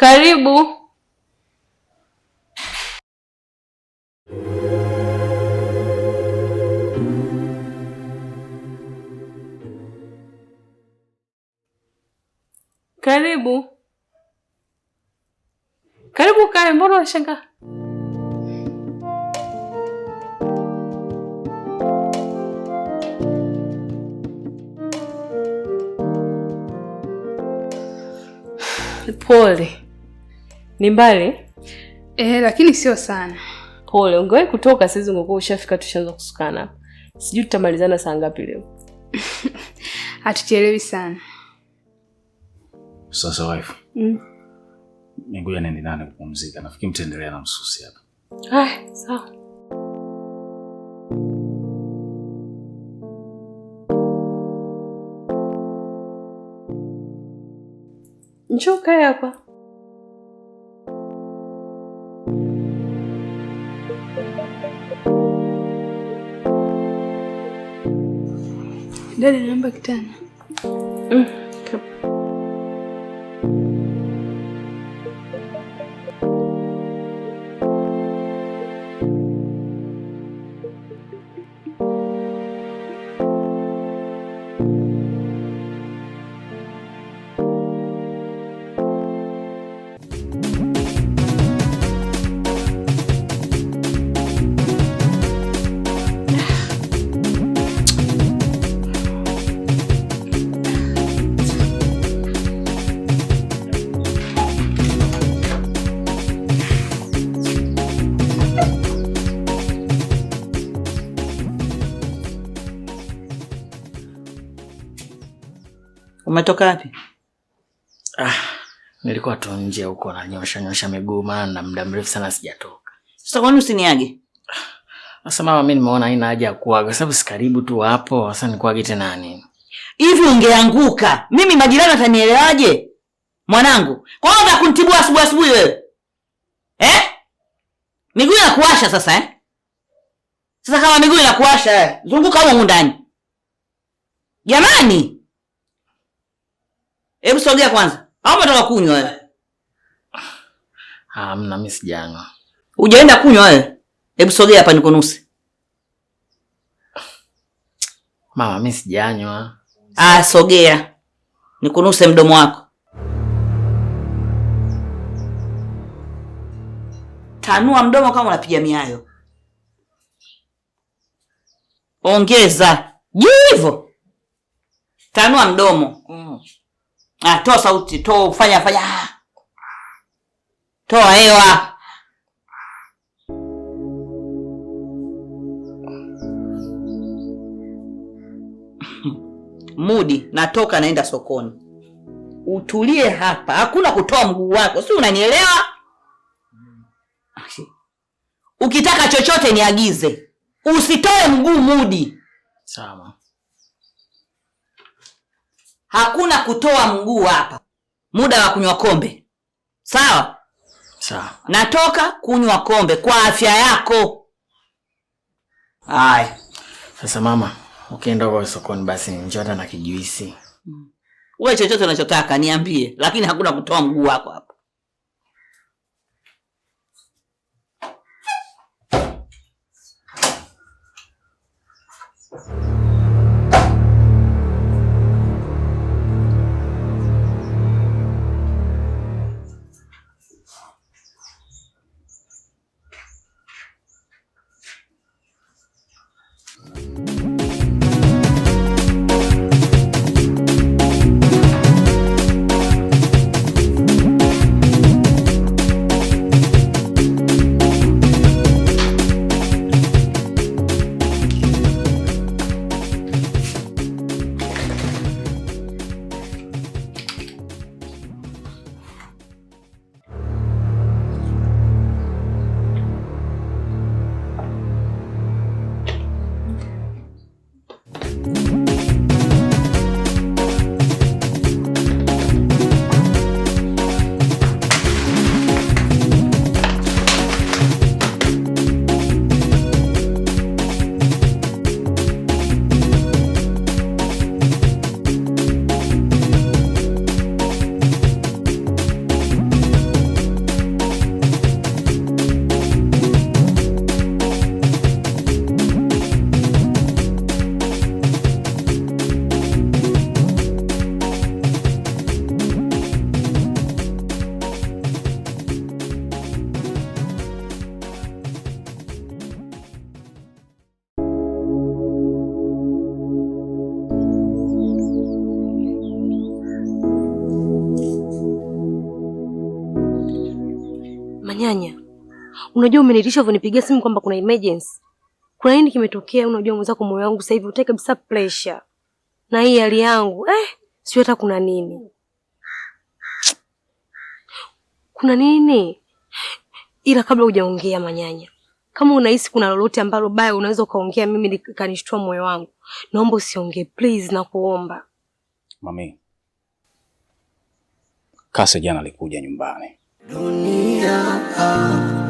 Karibu. Karibu. Karibu kae, mbona unashangaa? Pole. Ni mbali eh, lakini sio sana. Pole, ungewahi kutoka saizi, ungekuwa ushafika, tushaanza kusukana. Sijui tutamalizana saa ngapi leo? Hatuchelewi sana. Sasa wife, mm. Ngoja niende ndani kupumzika. Nafikiri mtaendelea na msusi hapa. Ah, sawa. Njoo kae hapa. Dada, naomba kitana. Mm, Umetoka wapi? Ah, nilikuwa tu nje huko na nyosha nyosha miguu maana na muda mrefu sana sijatoka. Sasa kwani usiniage? Sasa mama, mimi nimeona haina haja ya kuaga sababu si karibu tu hapo. Sasa nikuage tena nini? Hivi ungeanguka, mimi majirani watanielewaje? Mwanangu, kwa nini unatibua asubuhi asubuhi wewe? Eh? Miguu inakuasha sasa eh? Sasa kama miguu inakuasha, eh, zunguka huko ndani. Jamani, Hebu sogea kwanza. Au umetoka kunywa wewe? Ah, hamna, mimi sijanywa. Hujaenda kunywa wewe? Hebu sogea hapa nikunuse. Mama, mimi sijanywa. Ah, sogea nikunuse mdomo wako. Tanua mdomo kama unapiga miayo. Ongeza juu hivyo, tanua mdomo mm. Ah, toa sauti, toa fanya fanya. Ah. Toa hewa. Mudi, natoka naenda sokoni. Utulie hapa. Hakuna kutoa mguu wako. Si unanielewa? Ukitaka chochote niagize. Usitoe mguu Mudi. Sawa. Hakuna kutoa mguu hapa, muda wa kunywa kombe. Sawa sawa, natoka kunywa kombe kwa afya yako. Haya sasa, mama, ukienda okay, kwa sokoni basi njota na kijuisi, mm. wewe chochote unachotaka niambie, lakini hakuna kutoa mguu wako hapa. Unajua umenitisha unipigia simu kwamba kuna emergency. Kuna nini kimetokea? Unajua mwenzako, moyo wangu sasa hivi utaki kabisa pressure. Na hii hali yangu, eh, sio hata kuna nini. Kuna nini? Ila kabla hujaongea manyanya. Kama unahisi kuna lolote ambalo baya unaweza ukaongea mimi nikanishtua moyo wangu. Naomba usiongee please na kuomba. Mami. Kase jana alikuja nyumbani. Dunia. Ah,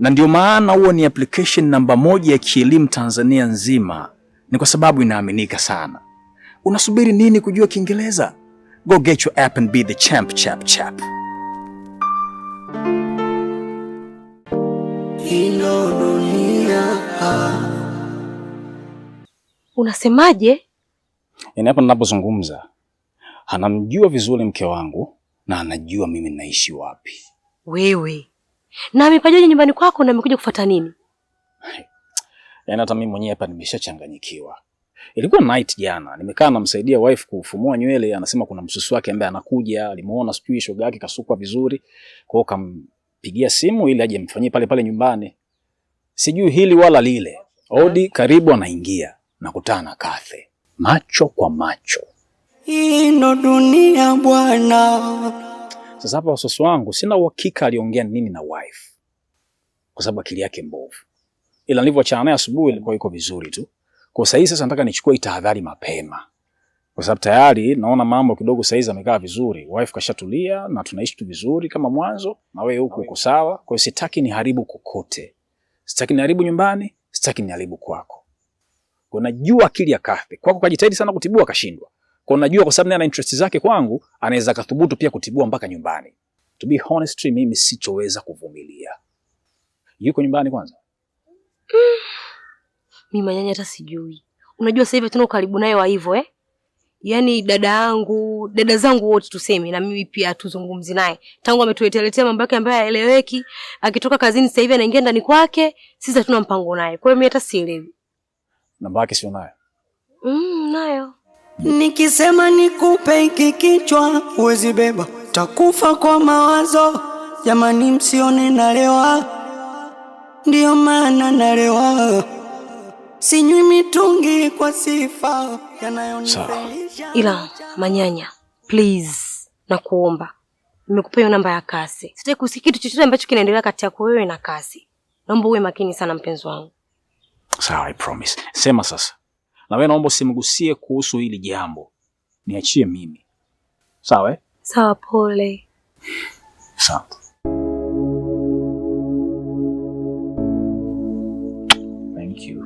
na ndio maana huo ni application namba moja ya kielimu Tanzania nzima, ni kwa sababu inaaminika sana. Unasubiri nini kujua Kiingereza? Go get your app and be the champ chap chap. Unasemaje? Yaani hapa ninapozungumza anamjua vizuri mke wangu na anajua mimi naishi wapi. Wewe na amepajaje nyumbani kwako na amekuja kufuata nini? Yaani hata mimi mwenyewe hapa nimeshachanganyikiwa. Ilikuwa night jana, nimekaa namsaidia wife kufumua nywele, anasema kuna msusi wake ambaye anakuja, alimuona sijui shoga yake kasukwa vizuri. Kwa hiyo kampigia simu ili aje mfanyie pale pale nyumbani. Sijui hili wala lile. Odi karibu anaingia na kutana Kathe. Macho kwa macho. Ino dunia bwana. Sasa hapa wasoso wangu sina uhakika aliongea nini na wife, kwa sababu akili yake mbovu, ila nilivyoachana naye asubuhi ilikuwa iko vizuri tu. Kwa sasa sasa nataka nichukue tahadhari mapema, kwa sababu tayari naona mambo kidogo saizi amekaa vizuri, wife kashatulia na tunaishi tu vizuri kama mwanzo, na wewe huko uko sawa. Kwa hiyo sitaki niharibu kokote, sitaki niharibu nyumbani, sitaki niharibu kwako. Kwa najua akili ya Kathe kwako kajitahidi sana kutibua, kashindwa kwa najua kwa sababu naye ana interest zake kwangu, anaweza kathubutu pia kutibua mpaka nyumbani. To be honest, mimi sichoweza kuvumilia. Yuko nyumbani kwanza? Mm. Mimi manyanya hata sijui. Unajua sasa hivi tuna karibu naye wa hivyo eh? Yaani dada yangu, dada zangu wote tuseme na mimi pia tuzungumzi naye. Tangu ametuleteletea mambo yake ambayo haeleweki, akitoka kazini sasa hivi anaingia ndani kwake, sisi hatuna mpango naye. Kwa hiyo mimi hata sielewi. Namba yake sio nayo? Mm, nayo. Nikisema nikupe hiki kichwa uwezi beba, takufa kwa mawazo. Jamani, msione nalewa, ndiyo maana nalewa, sinywi mitungi kwa sifa yanayonifelisha. Ila manyanya, please, nakuomba, nimekupa hiyo namba ya kasi, sitaki kusikia kitu chochote ambacho kinaendelea kati yako wewe na kasi. Naomba uwe makini sana, mpenzi wangu. Sawa, I promise. Sema sasa na wewe naomba usimgusie kuhusu hili jambo, niachie mimi. Sawa eh? Sawa, pole. Asante. Thank you.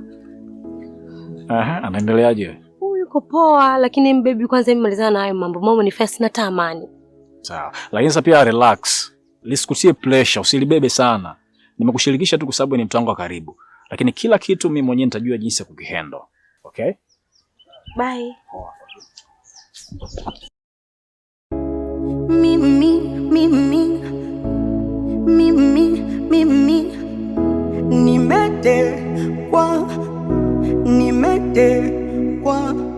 Aha, anaendeleaje? Huyu yuko poa, lakini mbebi, kwanza imemalizana na hayo mambo. Mama nifanya sina tamani. Sawa. Lakini sasa pia relax. Lisikutie pressure, usilibebe sana. Nimekushirikisha tu kwa sababu ni mtu wangu wa karibu. Lakini kila kitu mimi mwenyewe nitajua jinsi ya kukihandle. Okay? Bye. Mimi mimi mimi mimi nimetekwa nimetekwa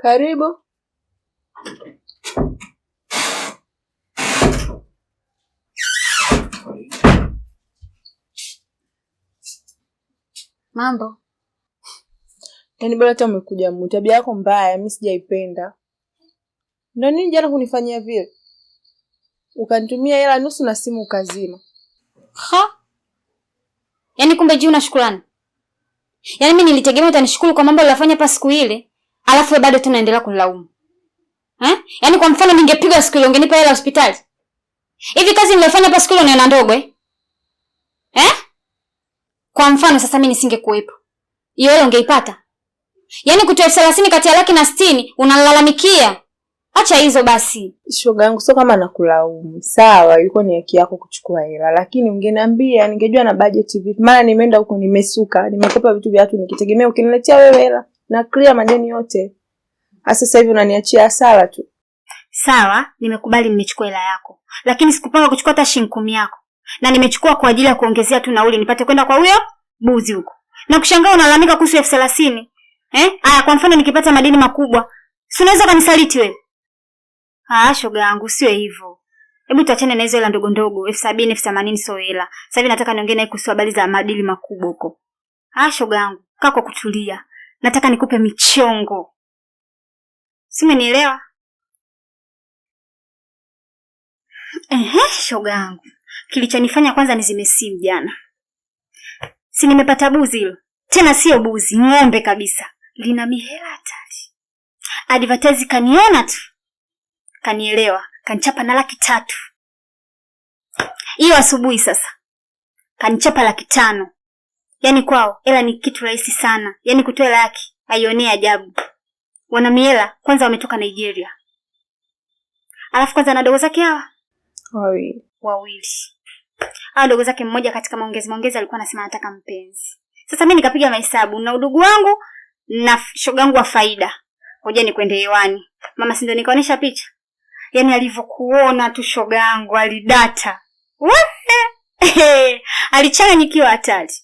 Karibu. Mambo yani, bora hata umekuja mu. Tabia yako mbaya, mimi sijaipenda. Ndio nini jana kunifanyia vile, ukanitumia hela nusu na simu ukazima. Ha, yani kumbe juu na shukrani. Yani mimi nilitegemea utanishukuru kwa mambo uliyofanya pa siku ile, alafu wewe bado tunaendelea kunilaumu eh? Yani kwa mfano ningepiga siku ile ungenipa hela hospitali, hivi kazi niliyofanya pa siku ile unaona ndogo eh? Eh? Kwa mfano sasa mimi nisingekuwepo, hiyo hela ungeipata? Yaani kutoa elfu thelathini kati ya laki na sitini unalalamikia. Acha hizo basi. Shoga yangu, sio kama nakulaumu, sawa, ilikuwa ni haki yako kuchukua hela, lakini ungeniambia, ningejua na bajeti vipi. Maana nimeenda huko nimesuka, nimekopa vitu vya watu nikitegemea ukiniletea wewe hela na clear madeni yote. Ah, sasa hivi unaniachia hasara tu. Sawa, nimekubali, nimechukua hela yako, lakini sikupanga kuchukua hata shilingi kumi yako na nimechukua kwa ajili ya kuongezea tu nauli nipate kwenda kwa huyo buzi huko. Na kushangaa unalalamika kuhusu elfu thelathini eh? Aya, kwa mfano nikipata madeni makubwa, si unaweza kanisaliti wewe? Ah, shoga yangu, sio hivyo. Hebu tuachane na hizo hela ndogo ndogo, elfu sabini elfu themanini sio hela. Sasa hivi nataka niongee naye kuhusu habari za madili makubwa huko. Ah, shoga yangu, kaa kwa kutulia, nataka nikupe michongo, si umenielewa? Ehe, shoga yangu. Kilichonifanya kwanza nizime simu jana, si nimepata buzi hilo, tena sio buzi, ng'ombe kabisa, lina mihela hatari. Advertise kaniona tu, kanielewa, kanichapa na laki tatu. Hiyo asubuhi sasa kanichapa laki tano. Yaani kwao hela ni kitu rahisi sana, yaani kutoa hela yake aionee ajabu. Wana mihela kwanza, wametoka Nigeria, alafu kwanza na dogo zake hawa wawili wawili au ndugu zake mmoja katika maongezi maongezi alikuwa anasema anataka mpenzi. Sasa mimi nikapiga mahesabu na udugu wangu na shogangu wa faida, ngoja nikwende hewani. Mama si ndio nikaonesha picha, yaani alivyokuona tu shoga yangu alidata alichanganyikiwa hatari,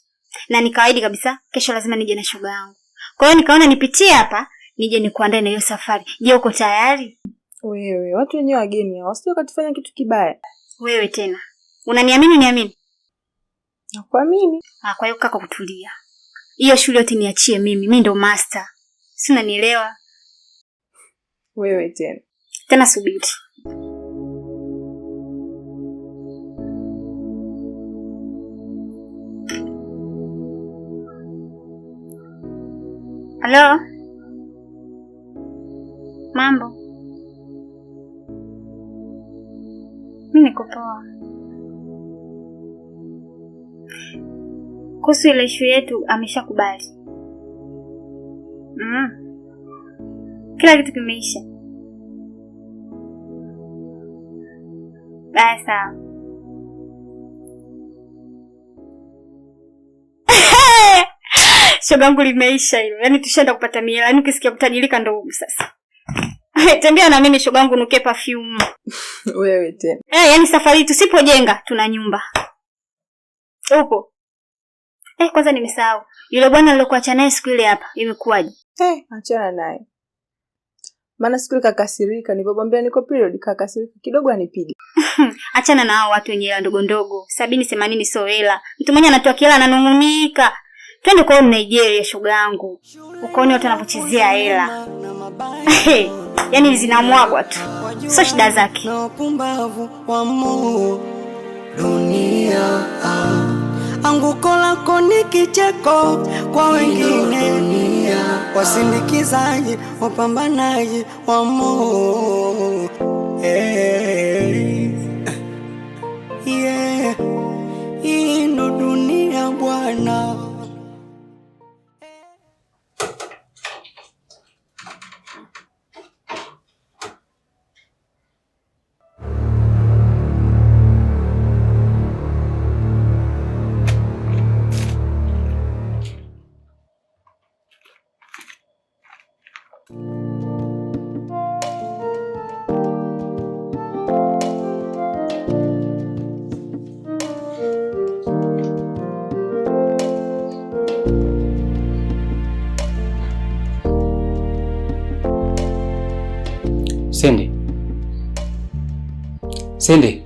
na nikawaidi kabisa kesho lazima nije na shogangu. Kwa hiyo nikaona nipitie hapa nije nikuandae na hiyo safari. Je, uko tayari? Wewe watu wenyewe wageni hao, wasije wakatufanya kitu kibaya. Wewe tena Unaniamini? Niamini? Nakuamini. Ah, kwa hiyo kaka, kutulia. Hiyo shule yote niachie mimi, mi ndo master. Si unanielewa? Wewe tena tena, subiri Halo, mambo? Mi niko poa. kuhusu ile ishu yetu ameshakubali. Mm. Kila kitu kimeisha. Baya sawa. Shogangu limeisha hilo. Yaani tushaenda kupata miela Yaani ukisikia kutajirika ndo sasa. Tembea na mimi shogangu nuke perfume. Wewe tena. Eh, yaani safari tusipojenga tuna nyumba. Upo? Eh, kwanza nimesahau yule bwana alilokuacha naye siku ile hapa, imekuwaje? Eh, achana naye maana siku ile kakasirika, nilipomwambia niko period kakasirika kidogo anipige. Achana na hao watu wenye hela ndogo ndogo, sabini themanini, sio hela. Mtu mwenye anatoa kila ananung'unika. Twende kwa Nigeria, shoga yangu, ukaone watu wanapochezea hela yaani zinamwagwa tu, sio shida zake. na upumbavu wa dunia Anguko lako ni kicheko kwa wengine, wasindikizaji, wapambanaji wa Mungu eh, eh, eh, hey. yeah. ndo dunia Bwana. Sinde.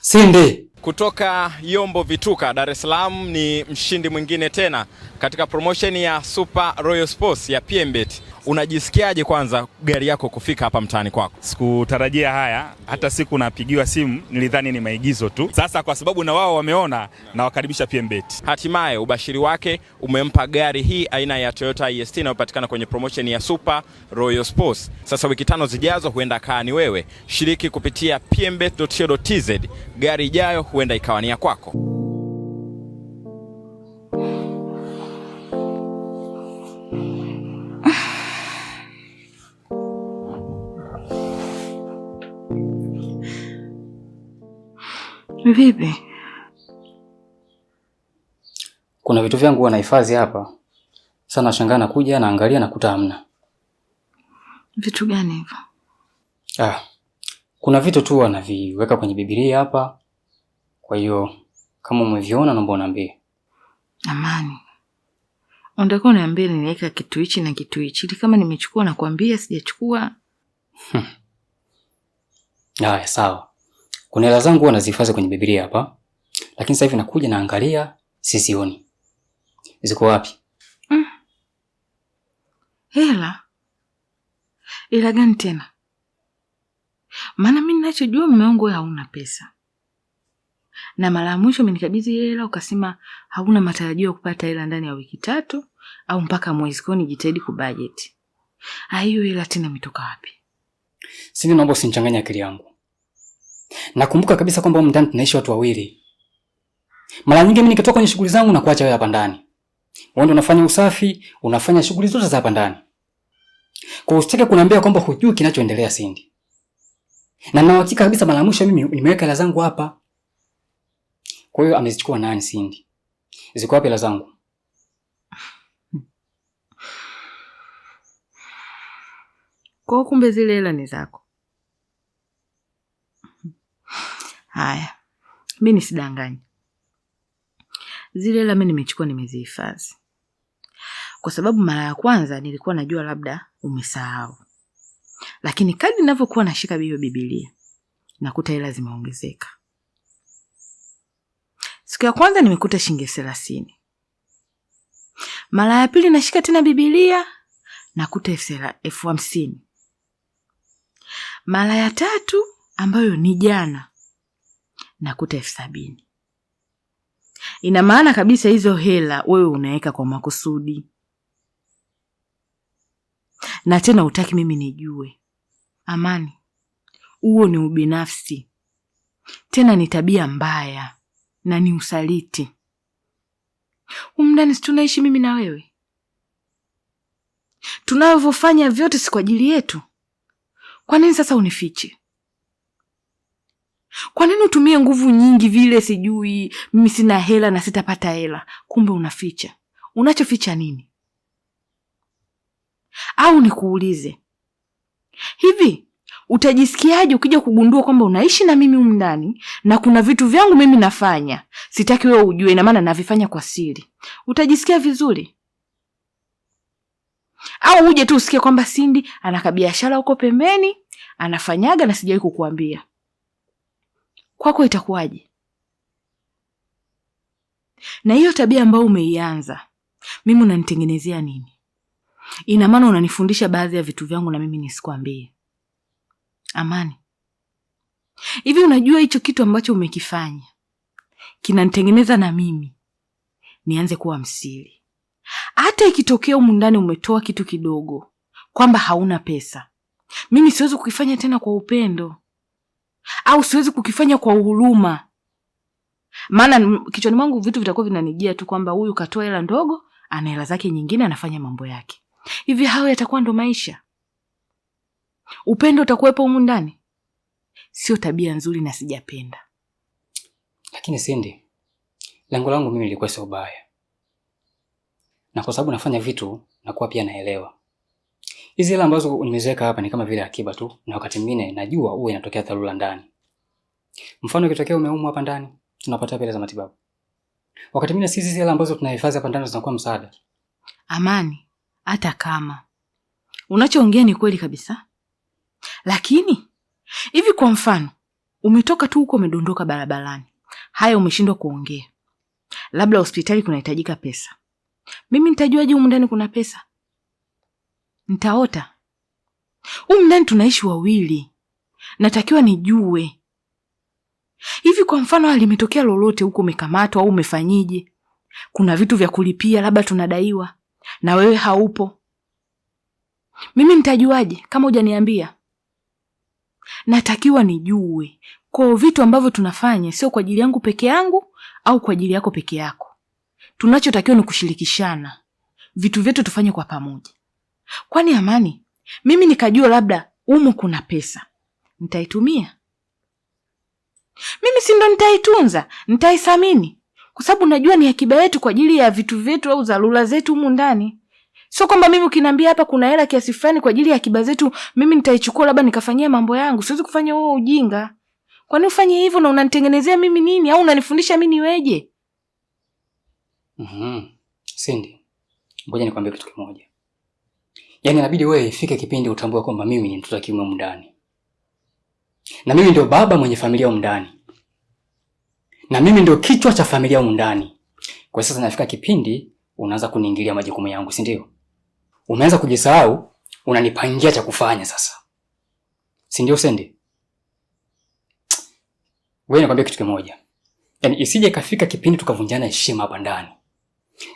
Sinde. Kutoka Yombo Vituka, Dar es Salaam ni mshindi mwingine tena katika promotion ya Super Royal Sports ya PMBet unajisikiaje kwanza gari yako kufika hapa mtaani kwako? Sikutarajia haya, hata siku napigiwa simu nilidhani ni maigizo tu. Sasa kwa sababu na wao wameona, nawakaribisha PMbet. Hatimaye ubashiri wake umempa gari hii aina ya Toyota IST e inayopatikana kwenye promotion ya Super Royal Sports. Sasa wiki tano zijazo huenda kaa ni wewe. Shiriki kupitia pmbet.co.tz, gari ijayo huenda ikawa ni ya kwako. Vipi? Kuna vitu vyangu wanahifadhi hapa. Sasa nashangaa nakuja naangalia nakuta hamna. Vitu gani hivyo? Ah. Kuna vitu tu wanaviweka kwenye Biblia hapa. Kwa hiyo kama umeviona naomba uniambie. Amani. Unataka uniambie niweka kitu hichi na kitu hichi. Ili kama nimechukua nakwambia sijachukua. Haya, sawa. Kuna hela zangu huwa kwenye Biblia hapa. Lakini sasa hivi nakuja naangalia sizioni. Ziko wapi? Mm. Hela. gani tena? Maana mimi ninachojua mume wangu hauna pesa. Na mara ya mwisho umenikabidhi hela ukasema hauna matarajio ya kupata hela ndani ya wiki tatu au mpaka mwezi, kwa hiyo nijitahidi kubudget. Ah, hiyo hela tena imetoka wapi? Sini, naomba usinichanganye akili yangu. Nakumbuka kabisa kwamba huko ndani tunaishi watu wawili. Mara nyingi mimi nikitoka kwenye shughuli zangu na kuacha wewe hapa ndani. Wewe ndio unafanya usafi, unafanya shughuli zote za hapa ndani. Kwa usitake kuniambia kwamba hujui kinachoendelea Sindi. Na na hakika kabisa mara mwisho mimi nimeweka hela zangu hapa. Kwa hiyo amezichukua nani Sindi? Ziko wapi hela zangu? Kwa kumbe zile hela ni zako. Haya, mi nisidanganyi, zile hela mi nimechukua nimezihifadhi, kwa sababu mara ya kwanza nilikuwa najua labda umesahau, lakini kadri ninavyokuwa nashika hiyo Bibilia nakuta hela zimeongezeka. Siku ya kwanza nimekuta shilingi thelathini mara ya pili nashika tena bibilia nakuta elfu hamsini mara ya tatu ambayo ni jana nakuta elfu sabini. Ina maana kabisa hizo hela wewe unaweka kwa makusudi, na tena utaki mimi nijue. Amani, huo ni ubinafsi, tena ni tabia mbaya na ni usaliti. umndani situnaishi tunaishi mimi na wewe, tunavyofanya vyote si kwa ajili yetu. Kwa nini sasa unifiche? Kwa nini utumie nguvu nyingi vile? Sijui mimi sina hela na sitapata hela, kumbe unaficha. Unachoficha nini? Au nikuulize hivi, utajisikiaje ukija kugundua kwamba unaishi na mimi umndani ndani na kuna vitu vyangu mimi nafanya, sitaki wewe ujue, ina maana navifanya kwa siri? Utajisikia vizuri? Au uje tu usikie kwamba Sindi ana kabiashara huko pembeni anafanyaga na sijawahi kukuambia? kwako itakuwaje? Na hiyo tabia ambayo umeianza, mimi unanitengenezea nini? Ina maana unanifundisha baadhi ya vitu vyangu na mimi nisikwambie. Amani, hivi unajua hicho kitu ambacho umekifanya kinanitengeneza na mimi nianze kuwa msiri. Hata ikitokea humu ndani umetoa kitu kidogo, kwamba hauna pesa, mimi siwezi kukifanya tena kwa upendo au siwezi kukifanya kwa huruma maana kichwani mwangu vitu vitakuwa vinanijia tu kwamba huyu katoa hela ndogo, ana hela zake nyingine, anafanya mambo yake hivi. Hayo yatakuwa ndo maisha? Upendo utakuwepo humu ndani? Sio tabia nzuri na sijapenda. Lakini Sindi, lengo langu mimi lilikuwa sio baya, na kwa sababu nafanya vitu nakuwa pia naelewa Hizi hela ambazo nimeziweka hapa ni kama vile akiba tu, na wakati mwingine najua huwa inatokea dharura ndani. Mfano ikitokea umeumwa hapa ndani, tunapata pesa za matibabu. Wakati mwingine sisi hizi hela ambazo tunahifadhi hapa ndani zinakuwa msaada. Amani, hata kama unachoongea ni kweli kabisa, lakini hivi, kwa mfano umetoka tu huko umedondoka barabarani, haya umeshindwa kuongea, labda hospitali kunahitajika pesa, mimi nitajuaje humu ndani kuna pesa? Ntaota Humu ndani tunaishi wawili, natakiwa nijue hivi. Kwa mfano, alimetokea limetokea lolote huko, umekamatwa au umefanyije, kuna vitu vya kulipia, labda tunadaiwa na wewe haupo, mimi nitajuaje kama hujaniambia? Natakiwa nijue kwa vitu ambavyo tunafanya, sio kwa ajili yangu peke yangu au kwa ajili yako peke yako. Tunachotakiwa ni kushirikishana vitu vyetu, tufanye kwa pamoja. Kwani Amani, mimi nikajua labda umu kuna pesa nitaitumia mimi, si ndo nitaitunza, kwa sababu najua ni akiba yetu kwa ajili ya vitu vyetu au dharura zetu humu ndani. Sio kwamba mimi ukiniambia hapa kuna hela kiasi fulani kwa ajili ya akiba zetu, mimi nitaichukua labda nikafanyia mambo yangu. Siwezi kufanya huo ujinga. kwani ufanye hivyo? Na unanitengenezea mimi nini, au unanifundisha mimi niweje? -hmm. Sindi, ngoja nikwambie kitu kimoja. Yaani inabidi wewe ifike kipindi utambue kwamba mimi ni mtoto wa kiume ndani, na mimi ndio baba mwenye familia ndani, na mimi ndio kichwa cha familia ndani. Kwa sasa nafika kipindi unaanza kuniingilia majukumu yangu, si ndio? Umeanza kujisahau, unanipangia cha kufanya sasa, si ndio? sendi? wewe, nikwambia kitu kimoja, yaani isije kafika kipindi tukavunjana heshima hapa ndani.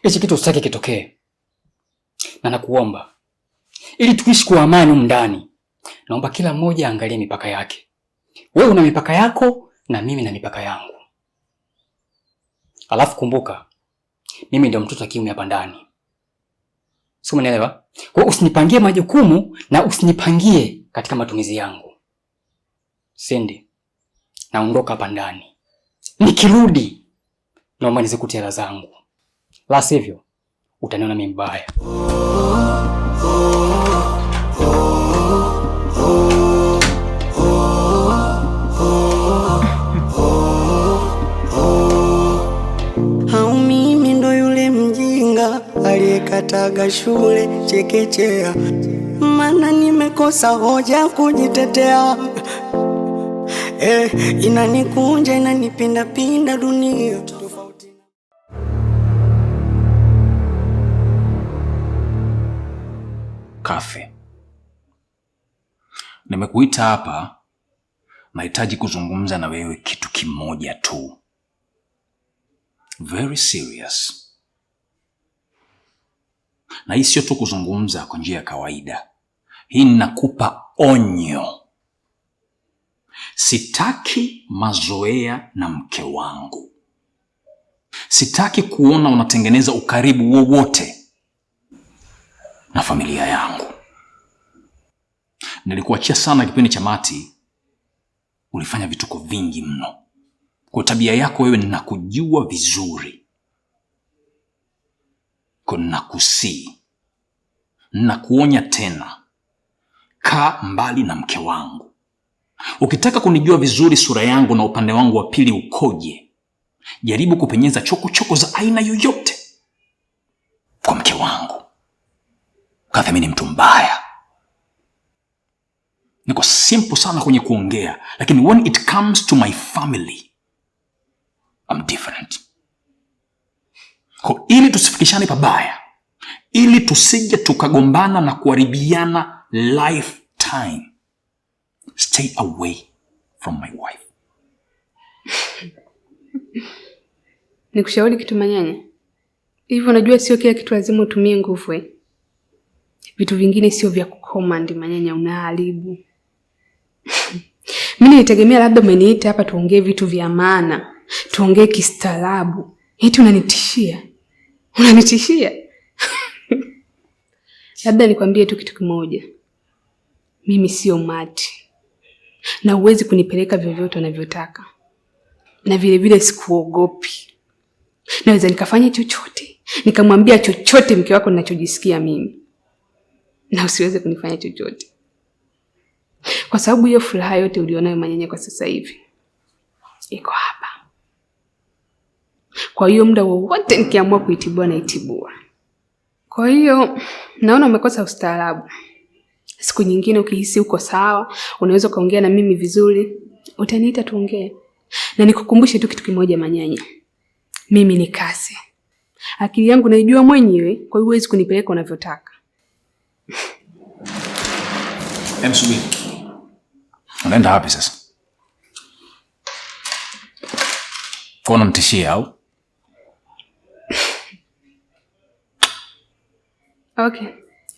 Hichi kitu usitaki kitokee, na nakuomba ili tuishi kwa amani humu ndani. Naomba kila mmoja aangalie mipaka yake. Wewe una mipaka yako na mimi na mipaka yangu. Alafu kumbuka, mimi ndio mtoto kiume hapa ndani, Sio, umeelewa? Kwa usinipangie majukumu na usinipangie katika matumizi yangu. Sendi, naondoka hapa ndani, nikirudi naomba nizikute hela zangu, la sivyo utaniona mimi mbaya. Aliyekataga shule chekechea, mana nimekosa hoja kujitetea. Eh, inanikunja inanipindapinda dunia Kafe Nimekuita hapa, nahitaji kuzungumza na wewe kitu kimoja tu, very serious, na hii sio tu kuzungumza kwa njia ya kawaida. Hii ninakupa onyo, sitaki mazoea na mke wangu. Sitaki kuona unatengeneza ukaribu wowote na familia yangu nilikuachia sana kipindi cha Mati, ulifanya vituko vingi mno. Kwa tabia yako wewe ninakujua vizuri, kwa ninakusii, ninakuonya tena, kaa mbali na mke wangu. Ukitaka kunijua vizuri sura yangu na upande wangu wa pili ukoje, jaribu kupenyeza chokochoko za aina yoyote kwa mke wangu. Kathamini mtu mbaya niko simple sana kwenye kuongea, lakini when it comes to my family I'm different. Kwa ili tusifikishane pabaya, ili tusije tukagombana na kuharibiana lifetime, stay away from my wife. Nikushauri kitu manyanya hivyo, unajua sio kila kitu lazima utumie nguvu, eh? vitu vingine sio vya kukomandi manyanya, unaharibu mimi nilitegemea labda umeniita hapa tuongee vitu vya maana, tuongee kistaarabu. Eti unanitishia, unanitishia. Labda nikwambie tu kitu kimoja, mimi sio mati na huwezi kunipeleka vyovyote unavyotaka, na vilevile sikuogopi. Naweza nikafanya chochote, nikamwambia chochote mke wako ninachojisikia mimi, na usiweze kunifanya chochote kwa sababu hiyo furaha yote ulionayo Manyenye kwa sasa hivi iko hapa. Kwa hiyo muda wowote nikiamua kuitibua naitibua. Kwa hiyo naona umekosa ustaarabu. Siku nyingine ukihisi uko sawa, unaweza ukaongea na mimi vizuri, utaniita tuongee. Na nikukumbushe tu kitu kimoja, Manyanya, mimi ni kasi, akili yangu naijua mwenyewe, kwa hiyo huwezi kunipeleka unavyotaka. Unaenda wapi sasa? Kwa unamtishia au? Okay,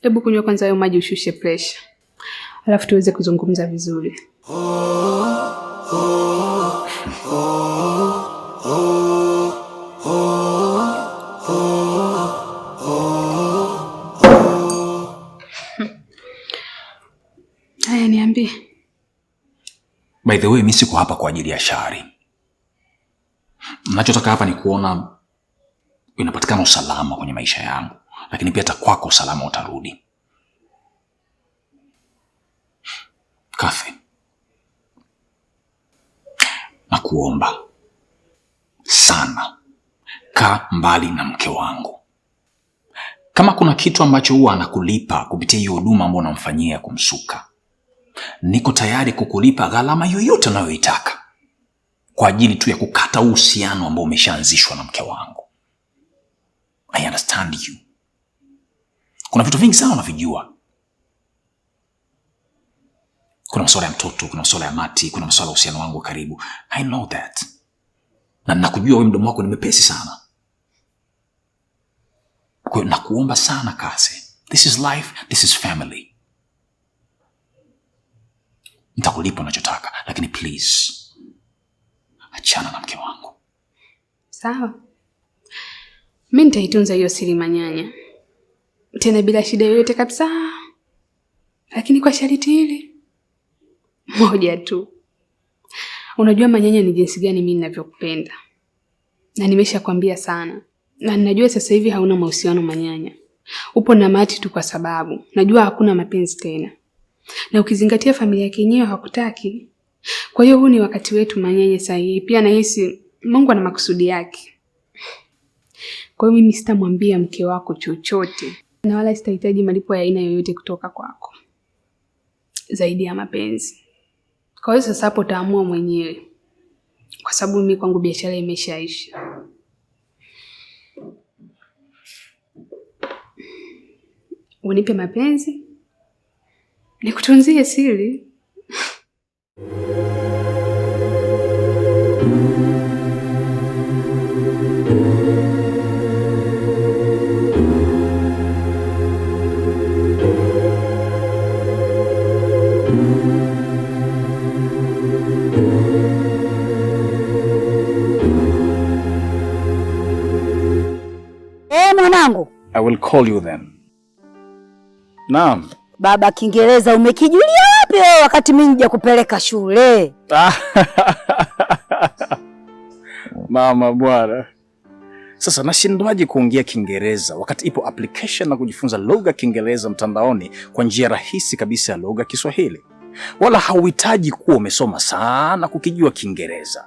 hebu kunywa kwanza hayo maji ushushe pressure, alafu tuweze kuzungumza vizuri. Oh, oh, oh, By the way, mimi siko hapa kwa ajili ya shari. Nachotaka hapa ni kuona inapatikana usalama kwenye maisha yangu, lakini pia hata kwako usalama utarudi. Kathy, nakuomba sana, kaa mbali na mke wangu. Kama kuna kitu ambacho huwa anakulipa kupitia hiyo huduma ambayo unamfanyia kumsuka niko tayari kukulipa gharama yoyote unayoitaka kwa ajili tu ya kukata uhusiano ambao umeshaanzishwa na mke wangu. I understand you. Kuna vitu vingi sana unavijua. Kuna masuala ya mtoto, kuna masuala ya Mati, kuna masuala ya uhusiano wangu wa karibu. I know that, na nakujua wewe, mdomo wako ni mepesi sana. Kwa hiyo nakuomba sana Kase, this is life, this is family nitakulipa unachotaka, lakini please achana na mke wangu. Sawa, mi nitaitunza hiyo siri manyanya, tena bila shida yoyote kabisa, lakini kwa shariti hili moja tu. Unajua manyanya, ni jinsi gani mi ninavyokupenda na nimeshakwambia sana, na ninajua sasa hivi hauna mahusiano manyanya, upo na Mati tu kwa sababu najua hakuna mapenzi tena na ukizingatia familia yake yenyewe hawakutaki. Kwa hiyo huu ni wakati wetu manyenye sahihi. Pia nahisi Mungu ana makusudi yake. Kwa hiyo mimi sitamwambia mke wako chochote na wala sitahitaji malipo ya aina yoyote kutoka kwako zaidi ya mapenzi. Kwa hiyo sasa hapo utaamua mwenyewe, kwa sababu mimi kwangu biashara imeshaisha. Unipe mapenzi nikutunzie siri. Eh, mwanangu. I will call you then. Naam. Baba, Kiingereza umekijulia wapi wewe wakati mimi nija kupeleka shule? Mama bwana, sasa nashindwaje kuongea Kiingereza wakati ipo application na kujifunza lugha ya Kiingereza mtandaoni kwa njia rahisi kabisa ya lugha Kiswahili, wala hauhitaji kuwa umesoma sana kukijua Kiingereza.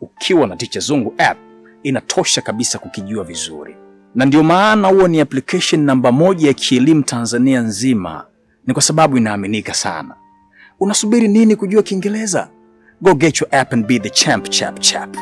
Ukiwa na Ticha Zungu app inatosha kabisa kukijua vizuri, na ndio maana huo ni application namba moja ya kielimu Tanzania nzima. Ni kwa sababu inaaminika sana. Unasubiri nini kujua Kiingereza? Go get your app and be the champ chap chap.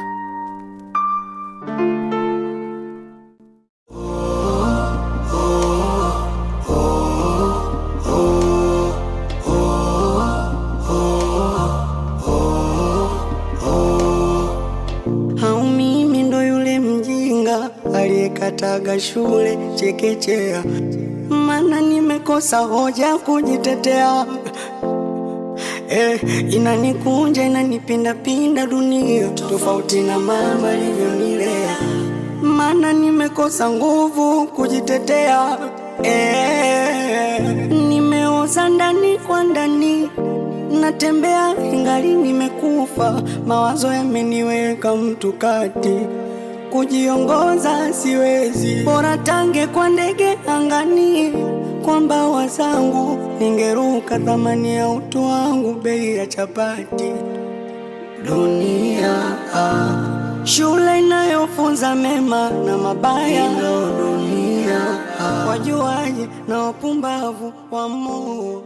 ndo yule mjinga aliyekataga shule chekechea maana nimekosa hoja kujitetea. Eh, inanikunja inanipindapinda dunia tofauti na mama alivyonilea, maana nimekosa nguvu kujitetea. Eh, nimeoza ndani kwa ndani natembea ingali nimekufa, mawazo yameniweka mtu kati kujiongoza siwezi, bora tange kwa ndege angani, kwa mbawa zangu ningeruka. Thamani ya utu wangu bei ya chapati. Dunia ah, shule inayofunza mema na mabaya. Dunia ah, wajuaji na wapumbavu wa moo